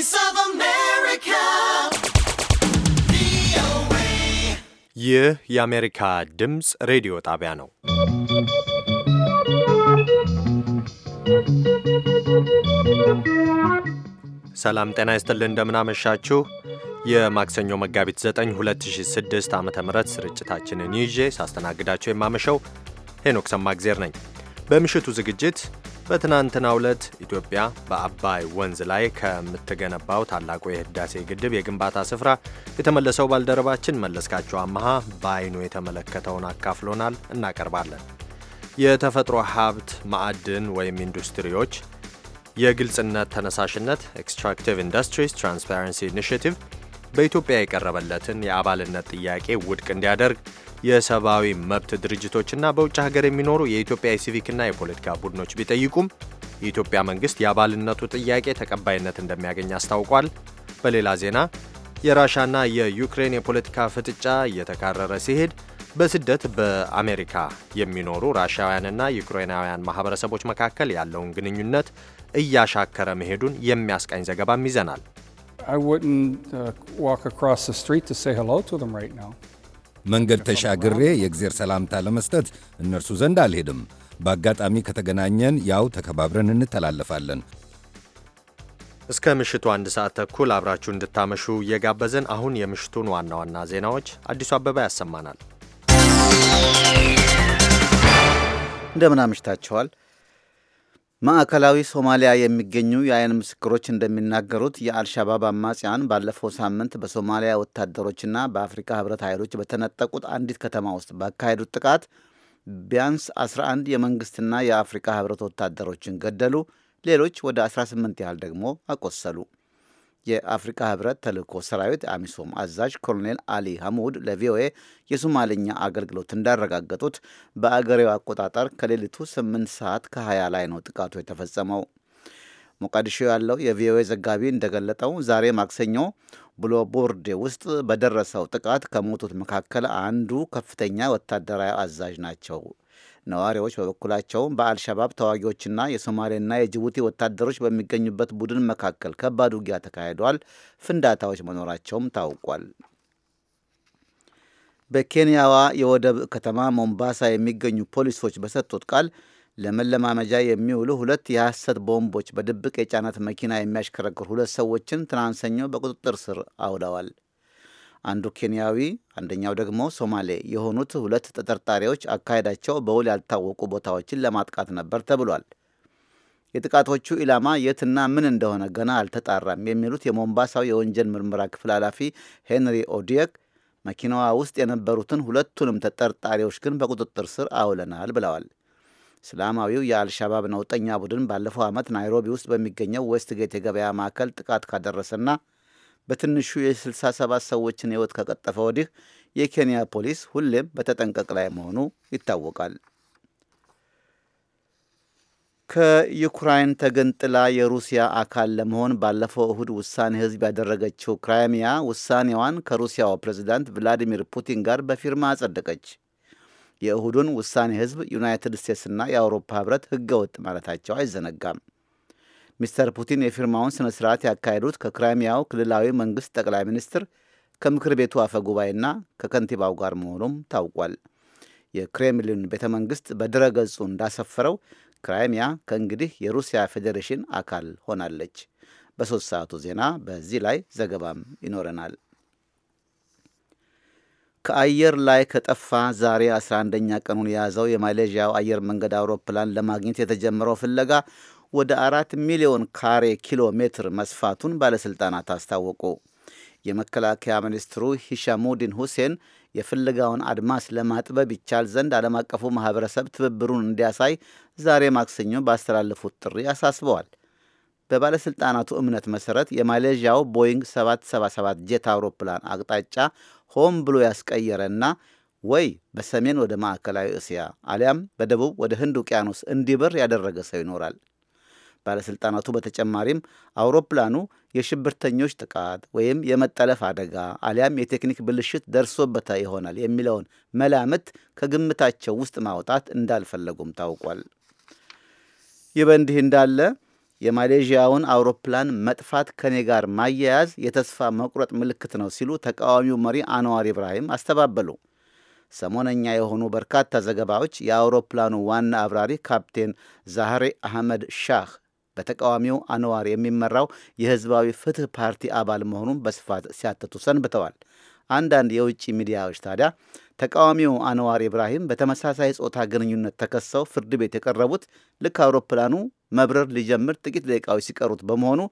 Voice of America. ይህ የአሜሪካ ድምፅ ሬዲዮ ጣቢያ ነው። ሰላም ጤና ይስጥልን፣ እንደምናመሻችሁ። የማክሰኞ መጋቢት 9 2006 ዓ ም ስርጭታችንን ይዤ ሳስተናግዳቸው የማመሸው ሄኖክ ሰማግዜር ነኝ። በምሽቱ ዝግጅት በትናንትና ዕለት ኢትዮጵያ በአባይ ወንዝ ላይ ከምትገነባው ታላቁ የህዳሴ ግድብ የግንባታ ስፍራ የተመለሰው ባልደረባችን መለስካቸው አመሃ በአይኑ የተመለከተውን አካፍሎናል። እናቀርባለን። የተፈጥሮ ሀብት ማዕድን ወይም ኢንዱስትሪዎች የግልጽነት ተነሳሽነት ኤክስትራክቲቭ ኢንዱስትሪስ ትራንስፓረንሲ ኢኒሽቲቭ በኢትዮጵያ የቀረበለትን የአባልነት ጥያቄ ውድቅ እንዲያደርግ የሰብአዊ መብት ድርጅቶችና በውጭ ሀገር የሚኖሩ የኢትዮጵያ የሲቪክና የፖለቲካ ቡድኖች ቢጠይቁም የኢትዮጵያ መንግስት የአባልነቱ ጥያቄ ተቀባይነት እንደሚያገኝ አስታውቋል። በሌላ ዜና የራሻና የዩክሬን የፖለቲካ ፍጥጫ እየተካረረ ሲሄድ በስደት በአሜሪካ የሚኖሩ ራሻውያንና ዩክሬናውያን ማህበረሰቦች መካከል ያለውን ግንኙነት እያሻከረ መሄዱን የሚያስቃኝ ዘገባም ይዘናል። I wouldn't uh, walk across the street to say hello to them right now. መንገድ ተሻግሬ የእግዜር ሰላምታ ለመስጠት እነርሱ ዘንድ አልሄድም። በአጋጣሚ ከተገናኘን ያው ተከባብረን እንተላለፋለን። እስከ ምሽቱ አንድ ሰዓት ተኩል አብራችሁ እንድታመሹ እየጋበዝን አሁን የምሽቱን ዋና ዋና ዜናዎች አዲሱ አበባ ያሰማናል። እንደምን አምሽታችኋል። ማዕከላዊ ሶማሊያ የሚገኙ የአይን ምስክሮች እንደሚናገሩት የአልሻባብ አማጽያን ባለፈው ሳምንት በሶማሊያ ወታደሮችና በአፍሪካ ህብረት ኃይሎች በተነጠቁት አንዲት ከተማ ውስጥ ባካሄዱት ጥቃት ቢያንስ 11 የመንግስትና የአፍሪካ ህብረት ወታደሮችን ገደሉ፣ ሌሎች ወደ 18 ያህል ደግሞ አቆሰሉ። የአፍሪካ ህብረት ተልእኮ ሰራዊት አሚሶም አዛዥ ኮሎኔል አሊ ሐሙድ ለቪኦኤ የሶማልኛ አገልግሎት እንዳረጋገጡት በአገሬው አቆጣጠር ከሌሊቱ 8 ሰዓት ከ20 ላይ ነው ጥቃቱ የተፈጸመው። ሞቃዲሾ ያለው የቪኦኤ ዘጋቢ እንደገለጠው ዛሬ ማክሰኞ ብሎ ቦርዴ ውስጥ በደረሰው ጥቃት ከሞቱት መካከል አንዱ ከፍተኛ ወታደራዊ አዛዥ ናቸው። ነዋሪዎች በበኩላቸውም በአልሸባብ ተዋጊዎችና የሶማሌና የጅቡቲ ወታደሮች በሚገኙበት ቡድን መካከል ከባድ ውጊያ ተካሂዷል። ፍንዳታዎች መኖራቸውም ታውቋል። በኬንያዋ የወደብ ከተማ ሞምባሳ የሚገኙ ፖሊሶች በሰጡት ቃል ለመለማመጃ የሚውሉ ሁለት የሐሰት ቦምቦች በድብቅ የጫነት መኪና የሚያሽከረክሩ ሁለት ሰዎችን ትናንት ሰኞ በቁጥጥር ስር አውለዋል። አንዱ ኬንያዊ አንደኛው ደግሞ ሶማሌ የሆኑት ሁለት ተጠርጣሪዎች አካሄዳቸው በውል ያልታወቁ ቦታዎችን ለማጥቃት ነበር ተብሏል። የጥቃቶቹ ኢላማ የትና ምን እንደሆነ ገና አልተጣራም የሚሉት የሞምባሳው የወንጀል ምርመራ ክፍል ኃላፊ ሄንሪ ኦዲየክ መኪናዋ ውስጥ የነበሩትን ሁለቱንም ተጠርጣሪዎች ግን በቁጥጥር ስር አውለናል ብለዋል። እስላማዊው የአልሻባብ ነውጠኛ ቡድን ባለፈው ዓመት ናይሮቢ ውስጥ በሚገኘው ዌስትጌት የገበያ ማዕከል ጥቃት ካደረሰና በትንሹ የ67 ሰዎችን ሕይወት ከቀጠፈ ወዲህ የኬንያ ፖሊስ ሁሌም በተጠንቀቅ ላይ መሆኑ ይታወቃል። ከዩክራይን ተገንጥላ የሩሲያ አካል ለመሆን ባለፈው እሁድ ውሳኔ ህዝብ ያደረገችው ክራይሚያ ውሳኔዋን ከሩሲያው ፕሬዚዳንት ቭላዲሚር ፑቲን ጋር በፊርማ አጸደቀች። የእሁዱን ውሳኔ ህዝብ ዩናይትድ ስቴትስና የአውሮፓ ህብረት ህገወጥ ማለታቸው አይዘነጋም። ሚስተር ፑቲን የፊርማውን ስነ ስርዓት ያካሄዱት ከክራይሚያው ክልላዊ መንግሥት ጠቅላይ ሚኒስትር ከምክር ቤቱ አፈ ጉባኤና ከከንቲባው ጋር መሆኑም ታውቋል። የክሬምሊን ቤተ መንግሥት በድረ ገጹ እንዳሰፈረው ክራይሚያ ከእንግዲህ የሩሲያ ፌዴሬሽን አካል ሆናለች። በሦስት ሰዓቱ ዜና በዚህ ላይ ዘገባም ይኖረናል። ከአየር ላይ ከጠፋ ዛሬ 11ኛ ቀኑን የያዘው የማሌዥያው አየር መንገድ አውሮፕላን ለማግኘት የተጀመረው ፍለጋ ወደ አራት ሚሊዮን ካሬ ኪሎ ሜትር መስፋቱን ባለሥልጣናት አስታወቁ። የመከላከያ ሚኒስትሩ ሂሻሙዲን ሁሴን የፍለጋውን አድማስ ለማጥበብ ይቻል ዘንድ ዓለም አቀፉ ማኅበረሰብ ትብብሩን እንዲያሳይ ዛሬ ማክሰኞ ባስተላለፉት ጥሪ አሳስበዋል። በባለሥልጣናቱ እምነት መሠረት የማሌዥያው ቦይንግ 777 ጄት አውሮፕላን አቅጣጫ ሆም ብሎ ያስቀየረና ወይ በሰሜን ወደ ማዕከላዊ እስያ አሊያም በደቡብ ወደ ህንድ ውቅያኖስ እንዲበር ያደረገ ሰው ይኖራል። ባለሥልጣናቱ በተጨማሪም አውሮፕላኑ የሽብርተኞች ጥቃት ወይም የመጠለፍ አደጋ አሊያም የቴክኒክ ብልሽት ደርሶበታ ይሆናል የሚለውን መላምት ከግምታቸው ውስጥ ማውጣት እንዳልፈለጉም ታውቋል። ይህ በእንዲህ እንዳለ የማሌዥያውን አውሮፕላን መጥፋት ከኔ ጋር ማያያዝ የተስፋ መቁረጥ ምልክት ነው ሲሉ ተቃዋሚው መሪ አንዋር ኢብራሂም አስተባበሉ። ሰሞነኛ የሆኑ በርካታ ዘገባዎች የአውሮፕላኑ ዋና አብራሪ ካፕቴን ዛህሬ አህመድ ሻህ በተቃዋሚው አንዋር የሚመራው የህዝባዊ ፍትህ ፓርቲ አባል መሆኑን በስፋት ሲያትቱ ሰንብተዋል። አንዳንድ የውጭ ሚዲያዎች ታዲያ ተቃዋሚው አንዋር ኢብራሂም በተመሳሳይ ጾታ ግንኙነት ተከሰው ፍርድ ቤት የቀረቡት ልክ አውሮፕላኑ መብረር ሊጀምር ጥቂት ደቂቃዎች ሲቀሩት በመሆኑ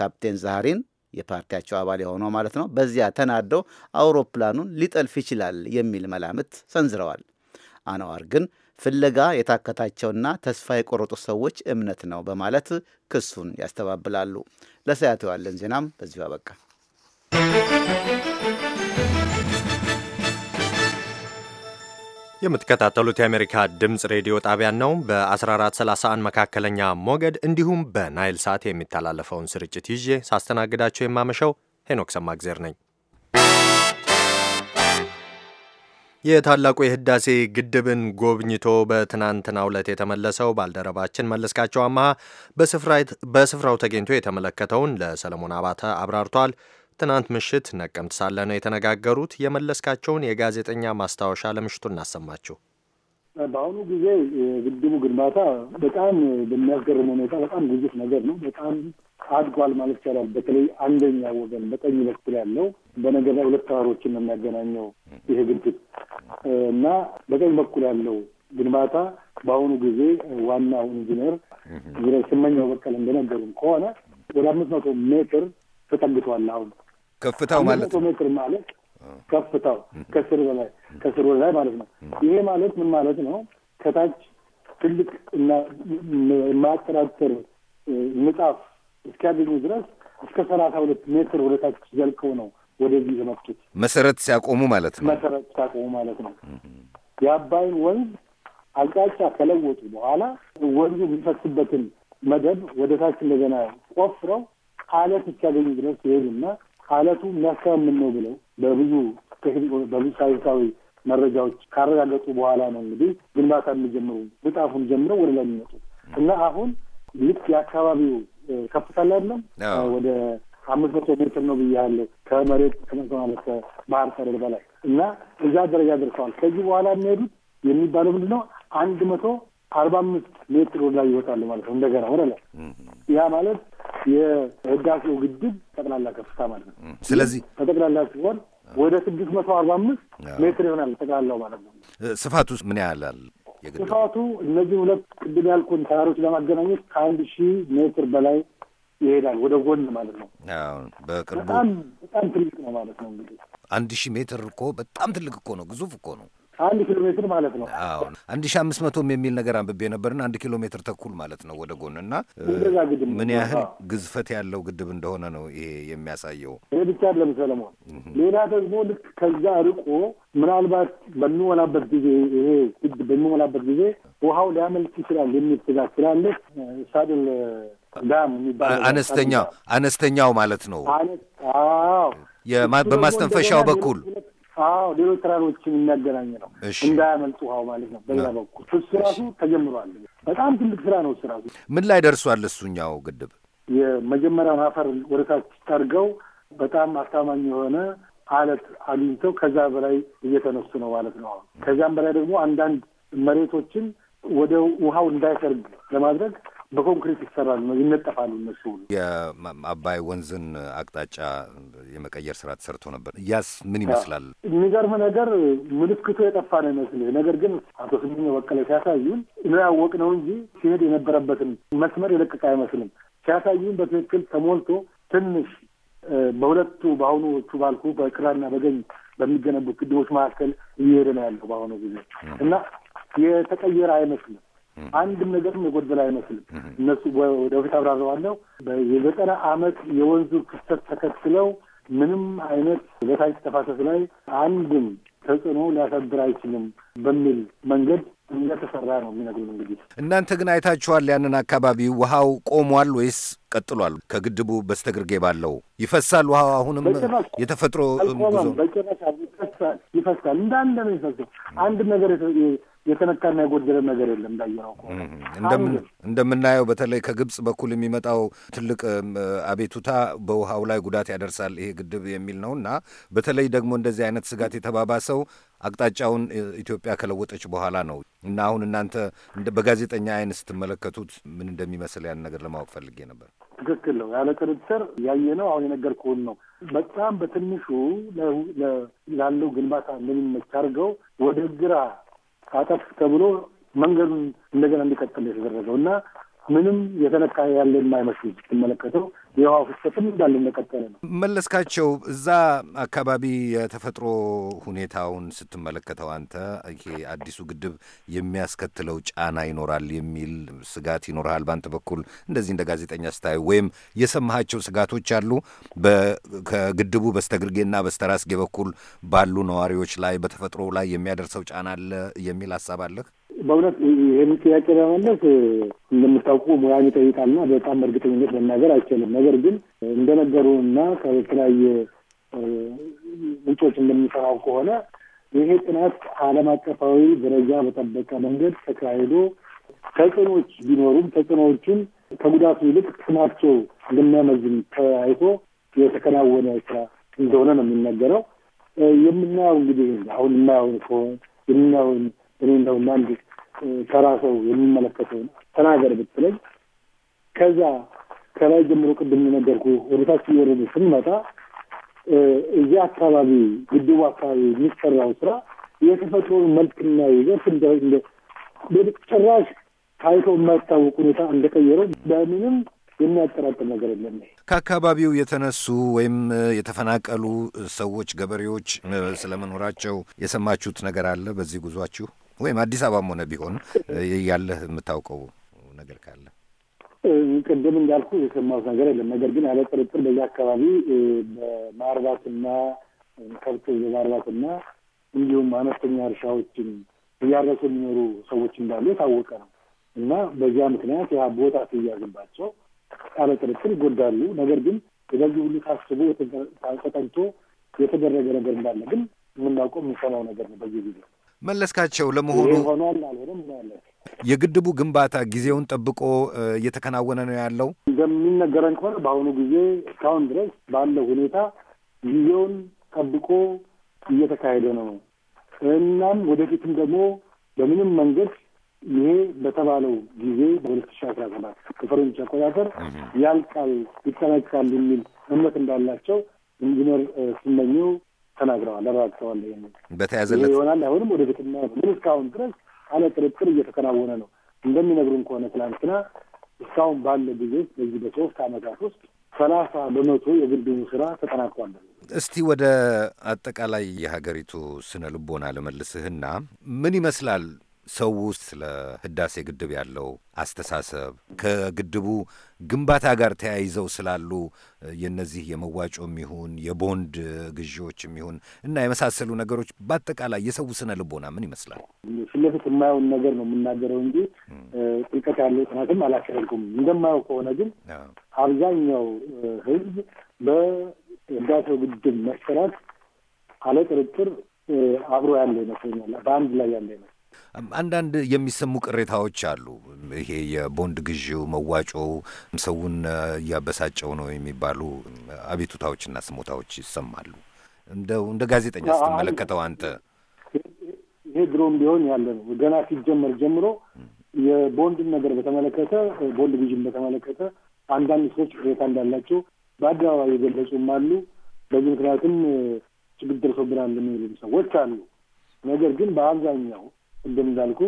ካፕቴን ዛሃሪን የፓርቲያቸው አባል የሆነው ማለት ነው፣ በዚያ ተናደው አውሮፕላኑን ሊጠልፍ ይችላል የሚል መላምት ሰንዝረዋል። አነዋር ግን ፍለጋ የታከታቸውና ተስፋ የቆረጡ ሰዎች እምነት ነው በማለት ክሱን ያስተባብላሉ። ለሰያት ዋለን ዜናም በዚሁ አበቃ። የምትከታተሉት የአሜሪካ ድምፅ ሬዲዮ ጣቢያን ነው። በ1431 መካከለኛ ሞገድ እንዲሁም በናይል ሳት የሚተላለፈውን ስርጭት ይዤ ሳስተናግዳቸው የማመሸው ሄኖክ ሰማግዜር ነኝ። የታላቁ የህዳሴ ግድብን ጎብኝቶ በትናንትናው ዕለት የተመለሰው ባልደረባችን መለስካቸው አማሃ በስፍራው ተገኝቶ የተመለከተውን ለሰለሞን አባተ አብራርቷል። ትናንት ምሽት ነቀምት ሳለ ነው የተነጋገሩት። የመለስካቸውን የጋዜጠኛ ማስታወሻ ለምሽቱ እናሰማችሁ። በአሁኑ ጊዜ የግድቡ ግንባታ በጣም በሚያስገርም ሁኔታ በጣም ግዙፍ ነገር ነው። በጣም አድጓል ማለት ይቻላል። በተለይ አንደኛ ወገን በቀኝ በኩል ያለው በነገር ላይ ሁለት ተራሮችን ነው የሚያገናኘው ይሄ ግድብ እና በቀኝ በኩል ያለው ግንባታ በአሁኑ ጊዜ ዋናው ኢንጂነር ኢንጂነር ስመኛው በቀለ እንደነገሩም ከሆነ ወደ አምስት መቶ ሜትር ተጠግቷል። አሁን ከፍታው ማለት ነው ሜትር ማለት ከፍታው ከስር በላይ ከስር ወደ ላይ ማለት ነው። ይሄ ማለት ምን ማለት ነው? ከታች ትልቅ እና የማያጠራጥር ንጣፍ እስኪያገኙ ድረስ እስከ ሰላሳ ሁለት ሜትር ወደ ታች ዘልቀው ነው ወደዚህ የመጡት። መሰረት ሲያቆሙ ማለት ነው። መሰረት ሲያቆሙ ማለት ነው። የአባይን ወንዝ አቅጣጫ ከለወጡ በኋላ ወንዙ የሚፈስበትን መደብ ወደ ታች እንደገና ቆፍረው አለት እስኪያገኙ ድረስ ይሄዱና አለቱ የሚያስታምን ነው ብለው በብዙ በብዙ ሳይንሳዊ መረጃዎች ካረጋገጡ በኋላ ነው እንግዲህ ግንባታ የሚጀምሩ ብጣፉን ጀምረው ወደ ላይ የሚመጡት እና አሁን ልክ የአካባቢው ከፍታል አይደለም ወደ አምስት መቶ ሜትር ነው ብያለሁ። ከመሬት ከመቶ ማለት ከባህር ጠለል በላይ እና እዛ ደረጃ ደርሰዋል። ከዚህ በኋላ የሚሄዱት የሚባለው ምንድን ነው አንድ መቶ አርባ አምስት ሜትር ወደ ላይ ይወጣሉ ማለት ነው። እንደገና ወደ ላይ ያ ማለት የህዳሴው ግድብ ጠቅላላ ከፍታ ማለት ነው። ስለዚህ በጠቅላላ ሲሆን ወደ ስድስት መቶ አርባ አምስት ሜትር ይሆናል ጠቅላላው ማለት ነው። ስፋቱ ምን ያህል አለ? ስፋቱ እነዚህ ሁለት ቅድም ያልኩን ተራሮች ለማገናኘት ከአንድ ሺህ ሜትር በላይ ይሄዳል ወደ ጎን ማለት ነው። በቅርቡ በጣም በጣም ትልቅ ነው ማለት ነው። እንግዲህ አንድ ሺህ ሜትር እኮ በጣም ትልቅ እኮ ነው፣ ግዙፍ እኮ ነው። አንድ ኪሎ ሜትር ማለት ነው። አዎ አንድ ሺ አምስት መቶም የሚል ነገር አንብቤ ነበርና አንድ ኪሎ ሜትር ተኩል ማለት ነው ወደ ጎን እና ምን ያህል ግዝፈት ያለው ግድብ እንደሆነ ነው ይሄ የሚያሳየው። ይሄ ብቻ አይደለም ሰለሞን፣ ሌላ ደግሞ ልክ ከዛ ርቆ ምናልባት በሚሞላበት ጊዜ ይሄ ግድብ በሚሞላበት ጊዜ ውሃው ሊያመልጥ ይችላል የሚል ስጋት ስላለ ሳድል ዳም የሚባል አነስተኛው አነስተኛው ማለት ነው በማስተንፈሻው በኩል አዎ ሌሎች ተራሮችን የሚያገናኝ ነው። እንዳያመልጡ ውሃው ማለት ነው። በዛ በኩል ራሱ ተጀምሯል። በጣም ትልቅ ስራ ነው። ስራቱ ምን ላይ ደርሷል? እሱኛው ግድብ የመጀመሪያውን አፈር ወደታች ጠርገው በጣም አስተማማኝ የሆነ አለት አግኝተው ከዛ በላይ እየተነሱ ነው ማለት ነው። ከዚያም በላይ ደግሞ አንዳንድ መሬቶችን ወደ ውሃው እንዳይሰርግ ለማድረግ በኮንክሪት ነው ይነጠፋሉ። እነሱ የአባይ ወንዝን አቅጣጫ የመቀየር ስራ ተሰርቶ ነበር። ያስ ምን ይመስላል? የሚገርም ነገር ምልክቱ የጠፋ ነው ይመስል። ነገር ግን አቶ ስምኝ በቀለ ሲያሳዩን ነው እንጂ ሲሄድ የነበረበትን መስመር የለቀቀ አይመስልም። ሲያሳዩን በትክክል ተሞልቶ ትንሽ በሁለቱ በአሁኖቹ ባልኩ በቅራና በገኝ በሚገነቡት ግድቦች መካከል እየሄደ ነው ያለው በአሁኑ ጊዜ እና የተቀየረ አይመስልም። አንድም ነገርም የጎደለ አይመስልም። እነሱ ወደፊት አብራረዋለሁ። የዘጠና አመት የወንዙ ክስተት ተከትለው ምንም አይነት በታች ተፋሰስ ላይ አንድም ተጽዕኖ ሊያሳድር አይችልም በሚል መንገድ እንደተሰራ ነው የሚነግሩን። እንግዲህ እናንተ ግን አይታችኋል ያንን አካባቢ ውሃው ቆሟል ወይስ ቀጥሏል? ከግድቡ በስተግርጌ ባለው ይፈሳል ውሃው አሁንም የተፈጥሮ ጉዞ በጭራሽ ይፈሳል። እንዳለ ነው ይፈሳል። አንድ ነገር የተነካና የጎደለ ነገር የለም። እንዳየነው ከሆነ እንደምናየው በተለይ ከግብጽ በኩል የሚመጣው ትልቅ አቤቱታ በውሃው ላይ ጉዳት ያደርሳል ይሄ ግድብ የሚል ነው እና በተለይ ደግሞ እንደዚህ አይነት ስጋት የተባባሰው አቅጣጫውን ኢትዮጵያ ከለወጠች በኋላ ነው እና አሁን እናንተ በጋዜጠኛ አይን ስትመለከቱት ምን እንደሚመስል ያን ነገር ለማወቅ ፈልጌ ነበር። ትክክል ነው። ያለ ጥርጥር ያየ ነው። አሁን የነገርኩህን ነው። በጣም በትንሹ ላለው ግንባታ እንደሚመች አድርገው ወደ ግራ አጠፍ ተብሎ መንገዱን እንደገና እንዲቀጥል የተደረገው እና ምንም የተነካ ያለ የማይመስል ስትመለከተው የውሃ ፍሰትም እንዳለ እንደቀጠለ ነው። መለስካቸው፣ እዛ አካባቢ የተፈጥሮ ሁኔታውን ስትመለከተው አንተ ይሄ አዲሱ ግድብ የሚያስከትለው ጫና ይኖራል የሚል ስጋት ይኖርሃል በአንተ በኩል እንደዚህ እንደ ጋዜጠኛ ስታዩ ወይም የሰማሃቸው ስጋቶች አሉ? ከግድቡ በስተግርጌና በስተራስጌ በኩል ባሉ ነዋሪዎች ላይ በተፈጥሮ ላይ የሚያደርሰው ጫና አለ የሚል ሀሳብ አለህ? በእውነት ይህን ጥያቄ ለመመለስ እንደምታውቁ ሙያን ይጠይቃልና በጣም በእርግጠኝነት መናገር አይችልም። ነገር ግን እንደነገሩ እና ከተለያየ ምንጮች እንደሚሰራው ከሆነ ይሄ ጥናት ዓለም አቀፋዊ ደረጃ በጠበቀ መንገድ ተካሂዶ ተጽዕኖዎች ቢኖሩም ተጽዕኖዎቹን ከጉዳቱ ይልቅ ጥቅማቸው እንደሚያመዝን ተያይቶ የተከናወነ ስራ እንደሆነ ነው የሚነገረው። የምናየው እንግዲህ አሁን የማየውን ከሆነ የምናየውን እኔ እንደውም አንድ ተራ ሰው የሚመለከተውን ተናገር ብትለኝ ከዛ ከላይ ጀምሮ ቅድም የነገርኩ ወደታች እየወረደ ስንመጣ እዚህ አካባቢ ግድቡ አካባቢ የሚሰራው ስራ የተፈጥሮን መልክና ይዘት ጭራሽ ታይቶ የማይታወቅ ሁኔታ እንደቀየረው በምንም የሚያጠራጥር ነገር የለም። ከአካባቢው የተነሱ ወይም የተፈናቀሉ ሰዎች ገበሬዎች ስለመኖራቸው የሰማችሁት ነገር አለ በዚህ ጉዟችሁ? ወይም አዲስ አበባም ሆነ ቢሆን ያለህ የምታውቀው ነገር ካለ? ቅድም እንዳልኩ የሰማሁት ነገር የለም። ነገር ግን ያለ ጥርጥር በዚህ አካባቢ በማርባትና ከብት በማርባትና እንዲሁም አነስተኛ እርሻዎችን እያረሱ የሚኖሩ ሰዎች እንዳሉ የታወቀ ነው እና በዚያ ምክንያት ያ ቦታ ሲያዝባቸው ያለ ጥርጥር ይጎዳሉ። ነገር ግን በዚህ ሁሉ ታስቦ ተጠንቶ የተደረገ ነገር እንዳለ ግን የምናውቀው የምንሰማው ነገር ነው ጊዜ መለስካቸው፣ ለመሆኑ የግድቡ ግንባታ ጊዜውን ጠብቆ እየተከናወነ ነው ያለው? እንደሚነገረን ከሆነ በአሁኑ ጊዜ እስካሁን ድረስ ባለው ሁኔታ ጊዜውን ጠብቆ እየተካሄደ ነው። እናም ወደፊትም ደግሞ በምንም መንገድ ይሄ በተባለው ጊዜ በሁለት ሺ አስራ ሰባት በፈረንጆች አቆጣጠር ያልቃል ይጠናቀቃል የሚል እምነት እንዳላቸው ኢንጂነር ስመኘው ተናግረዋል፣ አብራርተዋል። በተያዘለት ይሆናል አይሆንም ወደፊት እናየው። ግን እስካሁን ድረስ ካለ ጥርጥር እየተከናወነ ነው። እንደሚነግሩን ከሆነ ትናንትና እስካሁን ባለ ጊዜ በዚህ በሶስት አመታት ውስጥ ሰላሳ በመቶ የግድቡ ስራ ተጠናቋል። እስቲ ወደ አጠቃላይ የሀገሪቱ ስነ ልቦና ልመልስህና ምን ይመስላል ሰው ውስጥ ስለ ህዳሴ ግድብ ያለው አስተሳሰብ ከግድቡ ግንባታ ጋር ተያይዘው ስላሉ የነዚህ የመዋጮም ይሁን የቦንድ ግዢዎችም ይሁን እና የመሳሰሉ ነገሮች በአጠቃላይ የሰው ስነ ልቦና ምን ይመስላል? ፊትለፊት የማየውን ነገር ነው የምናገረው እንጂ ጥልቀት ያለው ጥናትም አላካሄድኩም። እንደማየው ከሆነ ግን አብዛኛው ህዝብ በህዳሴው ግድብ መሰራት አለ ጥርጥር አብሮ ያለ ይመስለኛል። በአንድ ላይ ያለ ይመስለኛል። አንዳንድ የሚሰሙ ቅሬታዎች አሉ። ይሄ የቦንድ ግዢው መዋጮ ሰውን እያበሳጨው ነው የሚባሉ አቤቱታዎችና ስሞታዎች ይሰማሉ። እንደው እንደ ጋዜጠኛ ስትመለከተው አንተ ይሄ ድሮም ቢሆን ያለ ነው። ገና ሲጀመር ጀምሮ የቦንድን ነገር በተመለከተ ቦንድ ግዥን በተመለከተ አንዳንድ ሰዎች ቅሬታ እንዳላቸው በአደባባይ የገለጹም አሉ። በዚህ ምክንያትም ችግር ደርሶብናል የሚሉም ሰዎች አሉ። ነገር ግን በአብዛኛው ቅድም እንዳልኩ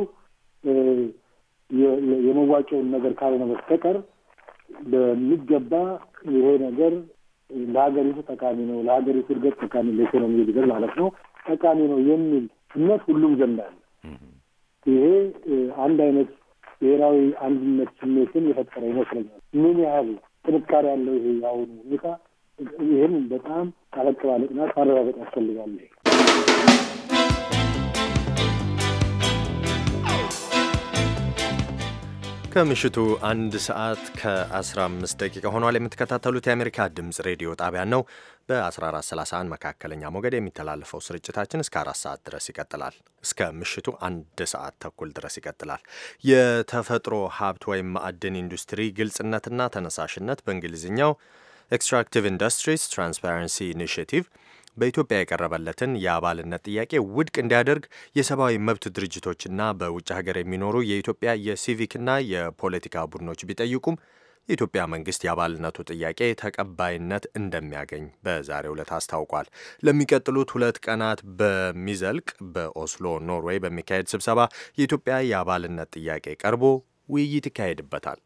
የመዋጮውን ነገር ካልሆነ በስተቀር በሚገባ ይሄ ነገር ለሀገሪቱ ጠቃሚ ነው፣ ለሀገሪቱ እድገት ጠቃሚ፣ ለኢኮኖሚ እድገት ማለት ነው ጠቃሚ ነው የሚል እምነት ሁሉም ዘንድ አለ። ይሄ አንድ አይነት ብሔራዊ አንድነት ስሜትን የፈጠረ ይመስለኛል። ምን ያህል ጥንካሬ ያለው ይሄ የአሁኑ ሁኔታ ይህን በጣም አለቅ ባለጥናት ማረጋገጥ ያስፈልጋል። ከምሽቱ አንድ ሰዓት ከ15 ደቂቃ ሆኗል። የምትከታተሉት የአሜሪካ ድምፅ ሬዲዮ ጣቢያን ነው። በ1431 መካከለኛ ሞገድ የሚተላለፈው ስርጭታችን እስከ አራት ሰዓት ድረስ ይቀጥላል። እስከ ምሽቱ አንድ ሰዓት ተኩል ድረስ ይቀጥላል። የተፈጥሮ ሀብት ወይም ማዕድን ኢንዱስትሪ ግልጽነትና ተነሳሽነት በእንግሊዝኛው ኤክስትራክቲቭ ኢንዱስትሪስ ትራንስፓረንሲ ኢኒሽቲቭ በኢትዮጵያ የቀረበለትን የአባልነት ጥያቄ ውድቅ እንዲያደርግ የሰብአዊ መብት ድርጅቶችና በውጭ ሀገር የሚኖሩ የኢትዮጵያ የሲቪክና የፖለቲካ ቡድኖች ቢጠይቁም የኢትዮጵያ መንግስት የአባልነቱ ጥያቄ ተቀባይነት እንደሚያገኝ በዛሬው ዕለት አስታውቋል። ለሚቀጥሉት ሁለት ቀናት በሚዘልቅ በኦስሎ ኖርዌይ በሚካሄድ ስብሰባ የኢትዮጵያ የአባልነት ጥያቄ ቀርቦ ውይይት ይካሄድበታል።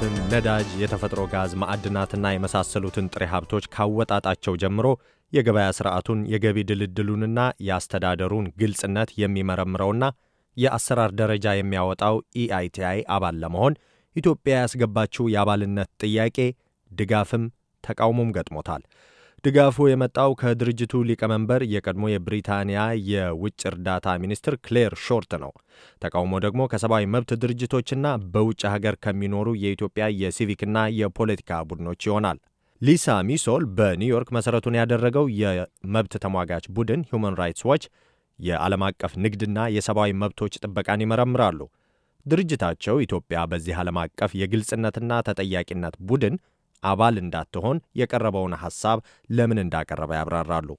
ዘይትም፣ ነዳጅ፣ የተፈጥሮ ጋዝ፣ ማዕድናትና የመሳሰሉትን ጥሬ ሀብቶች ካወጣጣቸው ጀምሮ የገበያ ስርዓቱን የገቢ ድልድሉንና የአስተዳደሩን ግልጽነት የሚመረምረውና የአሰራር ደረጃ የሚያወጣው ኢአይቲአይ e አባል ለመሆን ኢትዮጵያ ያስገባችው የአባልነት ጥያቄ ድጋፍም ተቃውሞም ገጥሞታል። ድጋፉ የመጣው ከድርጅቱ ሊቀመንበር የቀድሞ የብሪታንያ የውጭ እርዳታ ሚኒስትር ክሌር ሾርት ነው። ተቃውሞ ደግሞ ከሰብአዊ መብት ድርጅቶችና በውጭ ሀገር ከሚኖሩ የኢትዮጵያ የሲቪክና የፖለቲካ ቡድኖች ይሆናል። ሊሳ ሚሶል በኒውዮርክ መሠረቱን ያደረገው የመብት ተሟጋች ቡድን ሁማን ራይትስ ዋች የዓለም አቀፍ ንግድና የሰብአዊ መብቶች ጥበቃን ይመረምራሉ። ድርጅታቸው ኢትዮጵያ በዚህ ዓለም አቀፍ የግልጽነትና ተጠያቂነት ቡድን አባል እንዳትሆን የቀረበውን ሀሳብ ለምን እንዳቀረበ ያብራራሉ።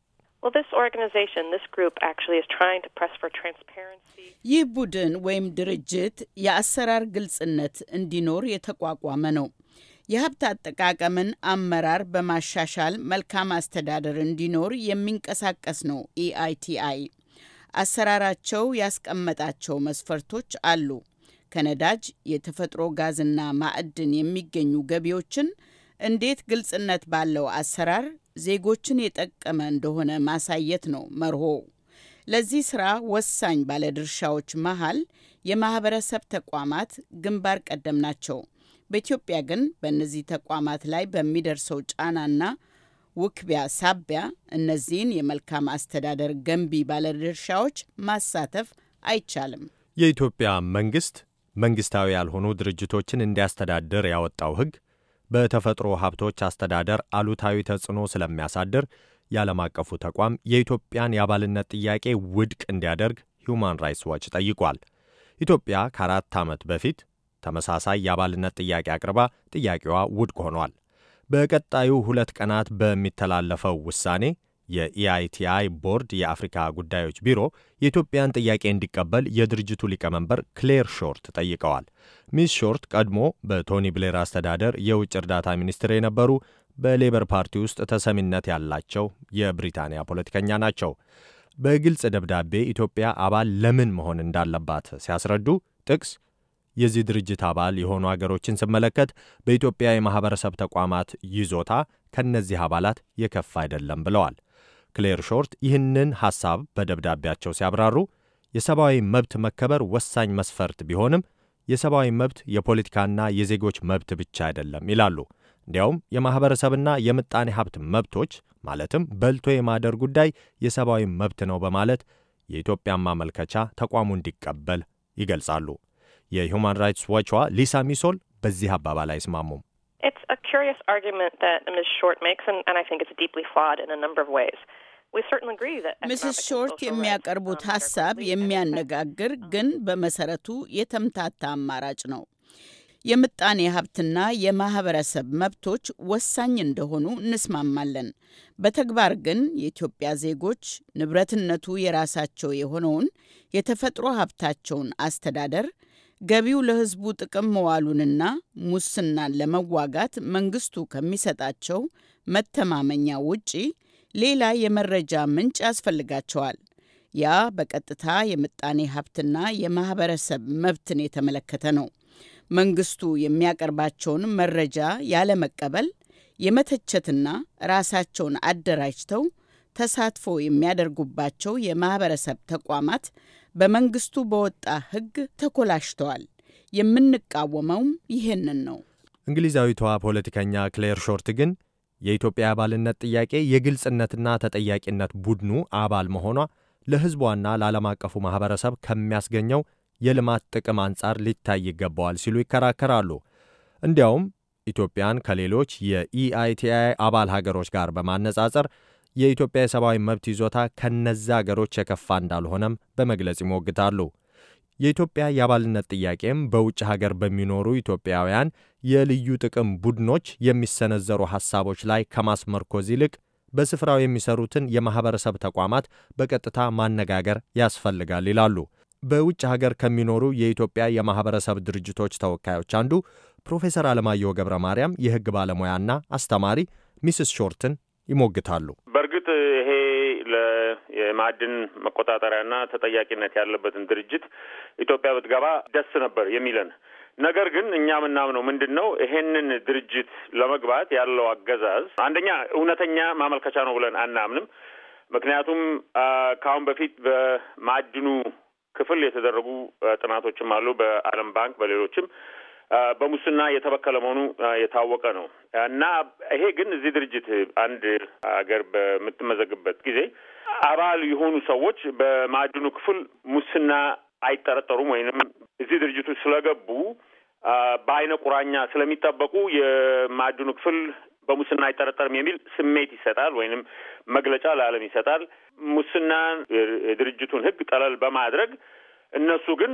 ይህ ቡድን ወይም ድርጅት የአሰራር ግልጽነት እንዲኖር የተቋቋመ ነው። የሀብት አጠቃቀምን አመራር በማሻሻል መልካም አስተዳደር እንዲኖር የሚንቀሳቀስ ነው። ኢአይቲአይ e አሰራራቸው ያስቀመጣቸው መስፈርቶች አሉ። ከነዳጅ የተፈጥሮ ጋዝና ማዕድን የሚገኙ ገቢዎችን እንዴት ግልጽነት ባለው አሰራር ዜጎችን የጠቀመ እንደሆነ ማሳየት ነው መርሆ። ለዚህ ስራ ወሳኝ ባለድርሻዎች መሀል የማህበረሰብ ተቋማት ግንባር ቀደም ናቸው። በኢትዮጵያ ግን በእነዚህ ተቋማት ላይ በሚደርሰው ጫናና ውክቢያ ሳቢያ እነዚህን የመልካም አስተዳደር ገንቢ ባለድርሻዎች ማሳተፍ አይቻልም። የኢትዮጵያ መንግስት መንግስታዊ ያልሆኑ ድርጅቶችን እንዲያስተዳድር ያወጣው ሕግ በተፈጥሮ ሀብቶች አስተዳደር አሉታዊ ተጽዕኖ ስለሚያሳድር የዓለም አቀፉ ተቋም የኢትዮጵያን የአባልነት ጥያቄ ውድቅ እንዲያደርግ ሁማን ራይትስ ዋች ጠይቋል። ኢትዮጵያ ከአራት ዓመት በፊት ተመሳሳይ የአባልነት ጥያቄ አቅርባ ጥያቄዋ ውድቅ ሆኗል። በቀጣዩ ሁለት ቀናት በሚተላለፈው ውሳኔ የኢአይቲአይ ቦርድ የአፍሪካ ጉዳዮች ቢሮ የኢትዮጵያን ጥያቄ እንዲቀበል የድርጅቱ ሊቀመንበር ክሌር ሾርት ጠይቀዋል። ሚስ ሾርት ቀድሞ በቶኒ ብሌር አስተዳደር የውጭ እርዳታ ሚኒስትር የነበሩ በሌበር ፓርቲ ውስጥ ተሰሚነት ያላቸው የብሪታንያ ፖለቲከኛ ናቸው። በግልጽ ደብዳቤ ኢትዮጵያ አባል ለምን መሆን እንዳለባት ሲያስረዱ ጥቅስ የዚህ ድርጅት አባል የሆኑ አገሮችን ስመለከት በኢትዮጵያ የማኅበረሰብ ተቋማት ይዞታ ከእነዚህ አባላት የከፍ አይደለም ብለዋል። ክሌር ሾርት ይህንን ሐሳብ በደብዳቤያቸው ሲያብራሩ የሰብአዊ መብት መከበር ወሳኝ መስፈርት ቢሆንም የሰብአዊ መብት የፖለቲካና የዜጎች መብት ብቻ አይደለም ይላሉ። እንዲያውም የማኅበረሰብና የምጣኔ ሀብት መብቶች ማለትም በልቶ የማደር ጉዳይ የሰብአዊ መብት ነው በማለት የኢትዮጵያን ማመልከቻ ተቋሙ እንዲቀበል ይገልጻሉ። የሁማን ራይትስ ዋቿ ሊሳ ሚሶል በዚህ አባባል አይስማሙም። It's a curious argument that Ms. Short makes, and, and I think it's deeply flawed in a number of ways. ምስስ ሾርት የሚያቀርቡት ሀሳብ የሚያነጋግር ግን um, በመሰረቱ የተምታታ አማራጭ ነው። የምጣኔ ሀብትና የማህበረሰብ መብቶች ወሳኝ እንደሆኑ እንስማማለን። በተግባር ግን የኢትዮጵያ ዜጎች ንብረትነቱ የራሳቸው የሆነውን የተፈጥሮ ሀብታቸውን አስተዳደር ገቢው ለሕዝቡ ጥቅም መዋሉንና ሙስናን ለመዋጋት መንግስቱ ከሚሰጣቸው መተማመኛ ውጪ ሌላ የመረጃ ምንጭ ያስፈልጋቸዋል። ያ በቀጥታ የምጣኔ ሀብትና የማህበረሰብ መብትን የተመለከተ ነው። መንግስቱ የሚያቀርባቸውን መረጃ ያለመቀበል የመተቸትና ራሳቸውን አደራጅተው ተሳትፎ የሚያደርጉባቸው የማህበረሰብ ተቋማት በመንግስቱ በወጣ ህግ ተኮላሽተዋል። የምንቃወመውም ይህንን ነው። እንግሊዛዊቷ ፖለቲከኛ ክሌር ሾርት ግን የኢትዮጵያ አባልነት ጥያቄ የግልጽነትና ተጠያቂነት ቡድኑ አባል መሆኗ ለሕዝቧና ለዓለም አቀፉ ማኅበረሰብ ከሚያስገኘው የልማት ጥቅም አንጻር ሊታይ ይገባዋል ሲሉ ይከራከራሉ። እንዲያውም ኢትዮጵያን ከሌሎች የኢአይቲአይ አባል ሀገሮች ጋር በማነጻጸር የኢትዮጵያ የሰብአዊ መብት ይዞታ ከነዚያ አገሮች የከፋ እንዳልሆነም በመግለጽ ይሞግታሉ። የኢትዮጵያ የአባልነት ጥያቄም በውጭ ሀገር በሚኖሩ ኢትዮጵያውያን የልዩ ጥቅም ቡድኖች የሚሰነዘሩ ሐሳቦች ላይ ከማስመርኮዝ ይልቅ በስፍራው የሚሰሩትን የማኅበረሰብ ተቋማት በቀጥታ ማነጋገር ያስፈልጋል ይላሉ። በውጭ ሀገር ከሚኖሩ የኢትዮጵያ የማኅበረሰብ ድርጅቶች ተወካዮች አንዱ ፕሮፌሰር አለማየሁ ገብረ ማርያም የሕግ ባለሙያና አስተማሪ ሚስስ ሾርትን ይሞግታሉ። በእርግጥ የማዕድን መቆጣጠሪያና ተጠያቂነት ያለበትን ድርጅት ኢትዮጵያ ብትገባ ደስ ነበር የሚለን ነገር ግን እኛ ምናምነው ምንድን ነው ይሄንን ድርጅት ለመግባት ያለው አገዛዝ አንደኛ እውነተኛ ማመልከቻ ነው ብለን አናምንም። ምክንያቱም ከአሁን በፊት በማዕድኑ ክፍል የተደረጉ ጥናቶችም አሉ፣ በዓለም ባንክ በሌሎችም በሙስና የተበከለ መሆኑ የታወቀ ነው እና ይሄ ግን እዚህ ድርጅት አንድ ሀገር በምትመዘግበት ጊዜ አባል የሆኑ ሰዎች በማዕድኑ ክፍል ሙስና አይጠረጠሩም ወይንም እዚህ ድርጅቶች ስለገቡ በአይነ ቁራኛ ስለሚጠበቁ የማዕድኑ ክፍል በሙስና አይጠረጠርም የሚል ስሜት ይሰጣል ወይንም መግለጫ ለዓለም ይሰጣል። ሙስናን የድርጅቱን ሕግ ጠለል በማድረግ እነሱ ግን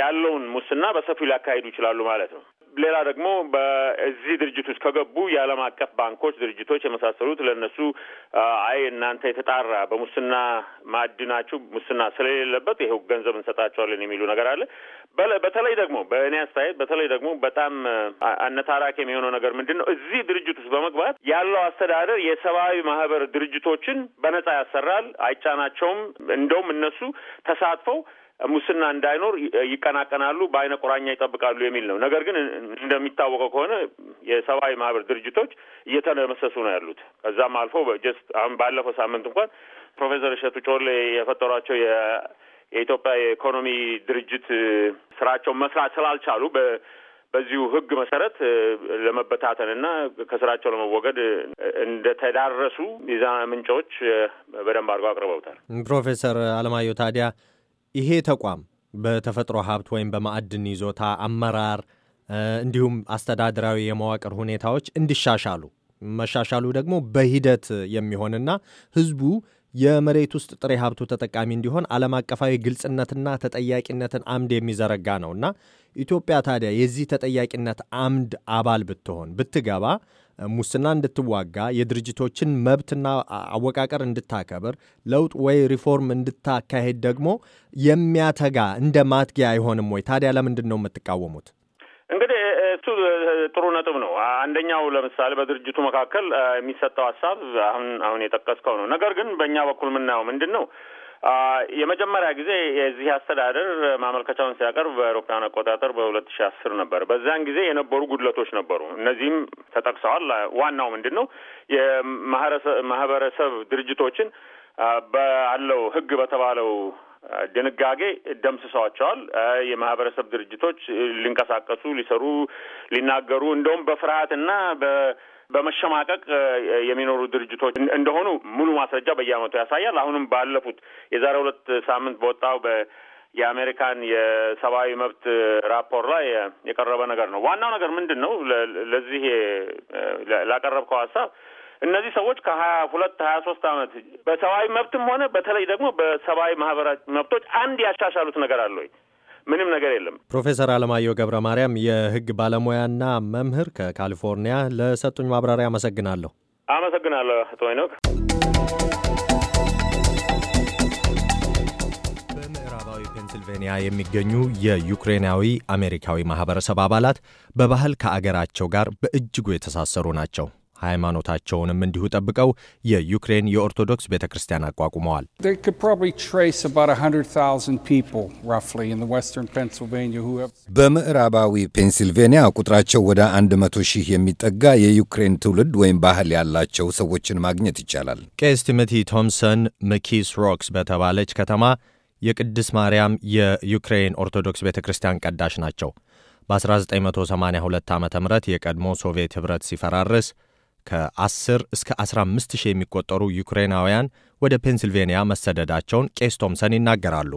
ያለውን ሙስና በሰፊው ሊያካሂዱ ይችላሉ ማለት ነው። ሌላ ደግሞ በዚህ ድርጅት ውስጥ ከገቡ የዓለም አቀፍ ባንኮች፣ ድርጅቶች የመሳሰሉት ለእነሱ አይ እናንተ የተጣራ በሙስና ማዕድናችሁ ሙስና ስለሌለበት ይኸው ገንዘብ እንሰጣቸዋለን የሚሉ ነገር አለ። በተለይ ደግሞ በእኔ አስተያየት በተለይ ደግሞ በጣም አነታራክ የሚሆነው ነገር ምንድን ነው? እዚህ ድርጅት ውስጥ በመግባት ያለው አስተዳደር የሰብአዊ ማህበር ድርጅቶችን በነጻ ያሰራል፣ አይጫናቸውም። እንደውም እነሱ ተሳትፈው ሙስና እንዳይኖር ይቀናቀናሉ፣ በአይነ ቁራኛ ይጠብቃሉ የሚል ነው። ነገር ግን እንደሚታወቀው ከሆነ የሰብአዊ ማህበር ድርጅቶች እየተለመሰሱ ነው ያሉት። ከዛም አልፎ ጀስት አሁን ባለፈው ሳምንት እንኳን ፕሮፌሰር እሸቱ ጮሌ የፈጠሯቸው የኢትዮጵያ የኢኮኖሚ ድርጅት ስራቸውን መስራት ስላልቻሉ በዚሁ ህግ መሰረት ለመበታተን እና ከስራቸው ለመወገድ እንደተዳረሱ የዜና ምንጮች በደንብ አድርገው አቅርበውታል። ፕሮፌሰር አለማየሁ ታዲያ ይሄ ተቋም በተፈጥሮ ሀብት ወይም በማዕድን ይዞታ አመራር፣ እንዲሁም አስተዳደራዊ የመዋቅር ሁኔታዎች እንዲሻሻሉ መሻሻሉ ደግሞ በሂደት የሚሆንና ህዝቡ የመሬት ውስጥ ጥሬ ሀብቱ ተጠቃሚ እንዲሆን ዓለም አቀፋዊ ግልጽነትና ተጠያቂነትን አምድ የሚዘረጋ ነውና ኢትዮጵያ ታዲያ የዚህ ተጠያቂነት አምድ አባል ብትሆን ብትገባ ሙስና እንድትዋጋ የድርጅቶችን መብትና አወቃቀር እንድታከብር ለውጥ ወይ ሪፎርም እንድታካሄድ ደግሞ የሚያተጋ እንደ ማትጊያ አይሆንም ወይ? ታዲያ ለምንድን ነው የምትቃወሙት? እንግዲህ እሱ ጥሩ ነጥብ ነው። አንደኛው ለምሳሌ በድርጅቱ መካከል የሚሰጠው ሀሳብ አሁን አሁን የጠቀስከው ነው። ነገር ግን በእኛ በኩል የምናየው ምንድን ነው የመጀመሪያ ጊዜ የዚህ አስተዳደር ማመልከቻውን ሲያቀርብ በአውሮፓውያን አቆጣጠር በሁለት ሺ አስር ነበር። በዛን ጊዜ የነበሩ ጉድለቶች ነበሩ። እነዚህም ተጠቅሰዋል። ዋናው ምንድን ነው የማህበረሰብ ድርጅቶችን ባለው ህግ በተባለው ድንጋጌ ደምስሰዋቸዋል። የማህበረሰብ ድርጅቶች ሊንቀሳቀሱ፣ ሊሰሩ፣ ሊናገሩ እንደውም በፍርሃትና በ በመሸማቀቅ የሚኖሩ ድርጅቶች እንደሆኑ ሙሉ ማስረጃ በየዓመቱ ያሳያል። አሁንም ባለፉት የዛሬ ሁለት ሳምንት በወጣው የአሜሪካን የሰብአዊ መብት ራፖር ላይ የቀረበ ነገር ነው። ዋናው ነገር ምንድን ነው? ለዚህ ላቀረብከው ሀሳብ እነዚህ ሰዎች ከሀያ ሁለት ሀያ ሶስት ዓመት በሰብአዊ መብትም ሆነ በተለይ ደግሞ በሰብአዊ ማህበራት መብቶች አንድ ያሻሻሉት ነገር አለ ወይ? ምንም ነገር የለም። ፕሮፌሰር አለማየሁ ገብረ ማርያም የህግ ባለሙያና መምህር ከካሊፎርኒያ ለሰጡኝ ማብራሪያ አመሰግናለሁ። አመሰግናለሁ አቶ ሄኖክ። ፔንስልቬንያ የሚገኙ የዩክሬናዊ አሜሪካዊ ማህበረሰብ አባላት በባህል ከአገራቸው ጋር በእጅጉ የተሳሰሩ ናቸው። ሃይማኖታቸውንም እንዲሁ ጠብቀው የዩክሬን የኦርቶዶክስ ቤተ ክርስቲያን አቋቁመዋል። በምዕራባዊ ፔንሲልቬንያ ቁጥራቸው ወደ 100 ሺህ የሚጠጋ የዩክሬን ትውልድ ወይም ባህል ያላቸው ሰዎችን ማግኘት ይቻላል። ቄስ ቲሞቲ ቶምሰን መኪስ ሮክስ በተባለች ከተማ የቅድስት ማርያም የዩክሬን ኦርቶዶክስ ቤተ ክርስቲያን ቀዳሽ ናቸው። በ1982 ዓ ም የቀድሞ ሶቪየት ኅብረት ሲፈራርስ ከ10 እስከ 15 ሺህ የሚቆጠሩ ዩክሬናውያን ወደ ፔንስልቬንያ መሰደዳቸውን ቄስ ቶምሰን ይናገራሉ።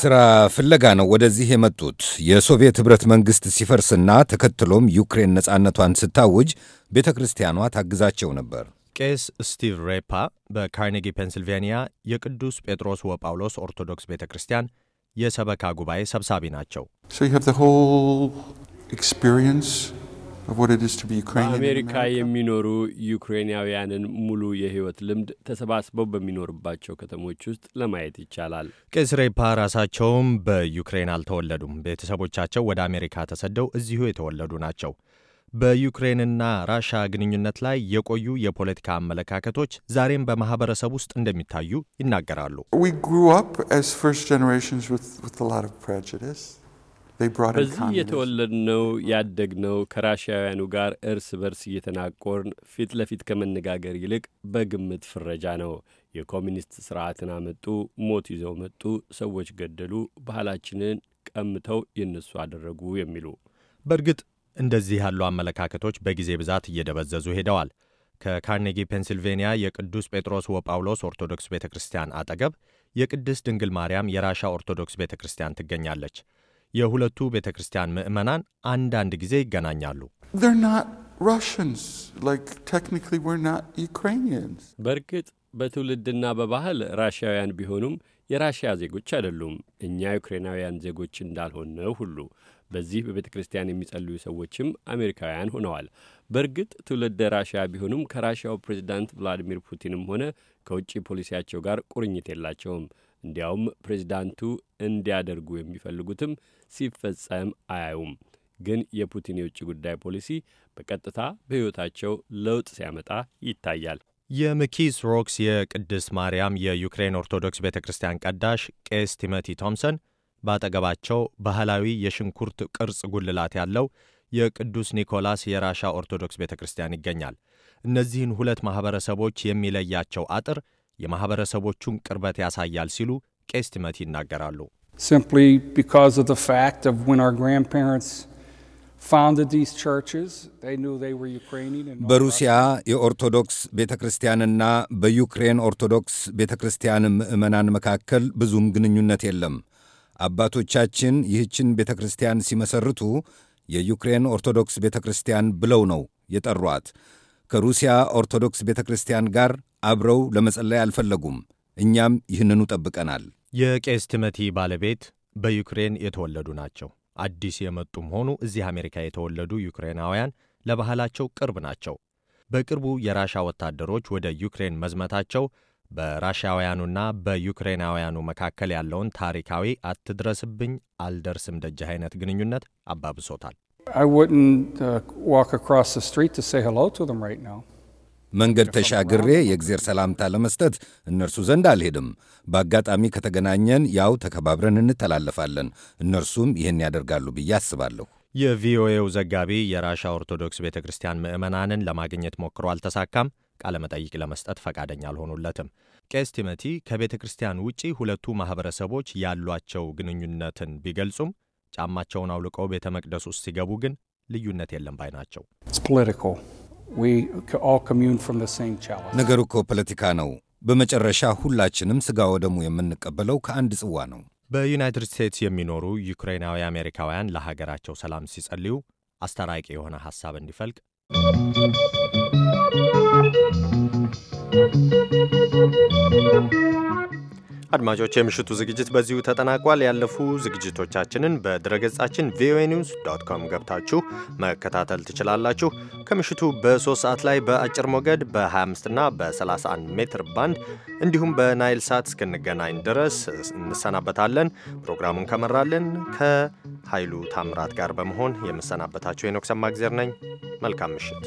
ስራ ፍለጋ ነው ወደዚህ የመጡት። የሶቪየት ኅብረት መንግሥት ሲፈርስና ተከትሎም ዩክሬን ነጻነቷን ስታውጅ ቤተ ክርስቲያኗ ታግዛቸው ነበር። ቄስ ስቲቭ ሬፓ በካርኔጊ ፔንስልቬንያ የቅዱስ ጴጥሮስ ወጳውሎስ ኦርቶዶክስ ቤተ ክርስቲያን የሰበካ ጉባኤ ሰብሳቢ ናቸው። በአሜሪካ የሚኖሩ ዩክሬናውያንን ሙሉ የህይወት ልምድ ተሰባስበው በሚኖርባቸው ከተሞች ውስጥ ለማየት ይቻላል። ቄስ ራሳቸውም በዩክሬን አልተወለዱም። ቤተሰቦቻቸው ወደ አሜሪካ ተሰደው እዚሁ የተወለዱ ናቸው። በዩክሬንና ራሻ ግንኙነት ላይ የቆዩ የፖለቲካ አመለካከቶች ዛሬም በማህበረሰብ ውስጥ እንደሚታዩ ይናገራሉ። በዚህ የተወለድነው ያደግነው ከራሽያውያኑ ጋር እርስ በርስ እየተናቆርን ፊት ለፊት ከመነጋገር ይልቅ በግምት ፍረጃ ነው። የኮሚኒስት ስርዓትን አመጡ፣ ሞት ይዘው መጡ፣ ሰዎች ገደሉ፣ ባህላችንን ቀምተው የነሱ አደረጉ የሚሉ በእርግጥ እንደዚህ ያሉ አመለካከቶች በጊዜ ብዛት እየደበዘዙ ሄደዋል። ከካርኔጊ ፔንሲልቬንያ የቅዱስ ጴጥሮስ ወጳውሎስ ኦርቶዶክስ ቤተ ክርስቲያን አጠገብ የቅድስት ድንግል ማርያም የራሻ ኦርቶዶክስ ቤተ ክርስቲያን ትገኛለች። የሁለቱ ቤተ ክርስቲያን ምዕመናን አንዳንድ ጊዜ ይገናኛሉ። በእርግጥ በትውልድና በባህል ራሽያውያን ቢሆኑም የራሽያ ዜጎች አይደሉም። እኛ ዩክሬናውያን ዜጎች እንዳልሆነው ሁሉ በዚህ በቤተ ክርስቲያን የሚጸልዩ ሰዎችም አሜሪካውያን ሆነዋል። በእርግጥ ትውልደ ራሽያ ቢሆኑም ከራሽያው ፕሬዚዳንት ቭላዲሚር ፑቲንም ሆነ ከውጭ ፖሊሲያቸው ጋር ቁርኝት የላቸውም። እንዲያውም ፕሬዚዳንቱ እንዲያደርጉ የሚፈልጉትም ሲፈጸም አያዩም። ግን የፑቲን የውጭ ጉዳይ ፖሊሲ በቀጥታ በሕይወታቸው ለውጥ ሲያመጣ ይታያል። የምኪዝ ሮክስ የቅድስት ማርያም የዩክሬን ኦርቶዶክስ ቤተ ክርስቲያን ቀዳሽ ቄስ ቲሞቲ ቶምሰን በአጠገባቸው ባህላዊ የሽንኩርት ቅርጽ ጉልላት ያለው የቅዱስ ኒኮላስ የራሻ ኦርቶዶክስ ቤተ ክርስቲያን ይገኛል። እነዚህን ሁለት ማኅበረሰቦች የሚለያቸው አጥር የማኅበረሰቦቹን ቅርበት ያሳያል ሲሉ ቄስ ቲመቲ ይናገራሉ። በሩሲያ የኦርቶዶክስ ቤተ ክርስቲያንና በዩክሬን ኦርቶዶክስ ቤተ ክርስቲያን ምዕመናን መካከል ብዙም ግንኙነት የለም። አባቶቻችን ይህችን ቤተ ክርስቲያን ሲመሰርቱ የዩክሬን ኦርቶዶክስ ቤተ ክርስቲያን ብለው ነው የጠሯት። ከሩሲያ ኦርቶዶክስ ቤተ ክርስቲያን ጋር አብረው ለመጸለይ አልፈለጉም። እኛም ይህንኑ ጠብቀናል። የቄስ ቲሞቲ ባለቤት በዩክሬን የተወለዱ ናቸው። አዲስ የመጡም ሆኑ እዚህ አሜሪካ የተወለዱ ዩክሬናውያን ለባህላቸው ቅርብ ናቸው። በቅርቡ የራሻ ወታደሮች ወደ ዩክሬን መዝመታቸው በራሽያውያኑና በዩክሬናውያኑ መካከል ያለውን ታሪካዊ አትድረስብኝ አልደርስም ደጅህ አይነት ግንኙነት አባብሶታል። uh, መንገድ ተሻግሬ የእግዜር ሰላምታ ለመስጠት እነርሱ ዘንድ አልሄድም። በአጋጣሚ ከተገናኘን ያው ተከባብረን እንተላለፋለን። እነርሱም ይህን ያደርጋሉ ብዬ አስባለሁ። የቪኦኤው ዘጋቢ የራሻ ኦርቶዶክስ ቤተ ክርስቲያን ምዕመናንን ለማግኘት ሞክሮ አልተሳካም። ቃለመጠይቅ ለመስጠት ፈቃደኛ አልሆኑለትም። ቄስ ቲሞቲ ከቤተ ክርስቲያን ውጪ ሁለቱ ማኅበረሰቦች ያሏቸው ግንኙነትን ቢገልጹም ጫማቸውን አውልቀው ቤተ መቅደስ ውስጥ ሲገቡ ግን ልዩነት የለም ባይ ናቸው። ነገሩ እኮ ፖለቲካ ነው። በመጨረሻ ሁላችንም ሥጋ ወደሙ የምንቀበለው ከአንድ ጽዋ ነው። በዩናይትድ ስቴትስ የሚኖሩ ዩክሬናዊ አሜሪካውያን ለሀገራቸው ሰላም ሲጸልዩ አስታራቂ የሆነ ሐሳብ እንዲፈልቅ አድማጮች የምሽቱ ዝግጅት በዚሁ ተጠናቋል። ያለፉ ዝግጅቶቻችንን በድረገጻችን ቪኦኤ ኒውስ ዶት ኮም ገብታችሁ መከታተል ትችላላችሁ። ከምሽቱ በሶስት ሰዓት ላይ በአጭር ሞገድ በ25 እና በ31 ሜትር ባንድ እንዲሁም በናይል ሳት እስክንገናኝ ድረስ እንሰናበታለን። ፕሮግራሙን ከመራልን ከኃይሉ ታምራት ጋር በመሆን የምሰናበታችሁ የኖክ ሰማግዜር ነኝ። መልካም ምሽት።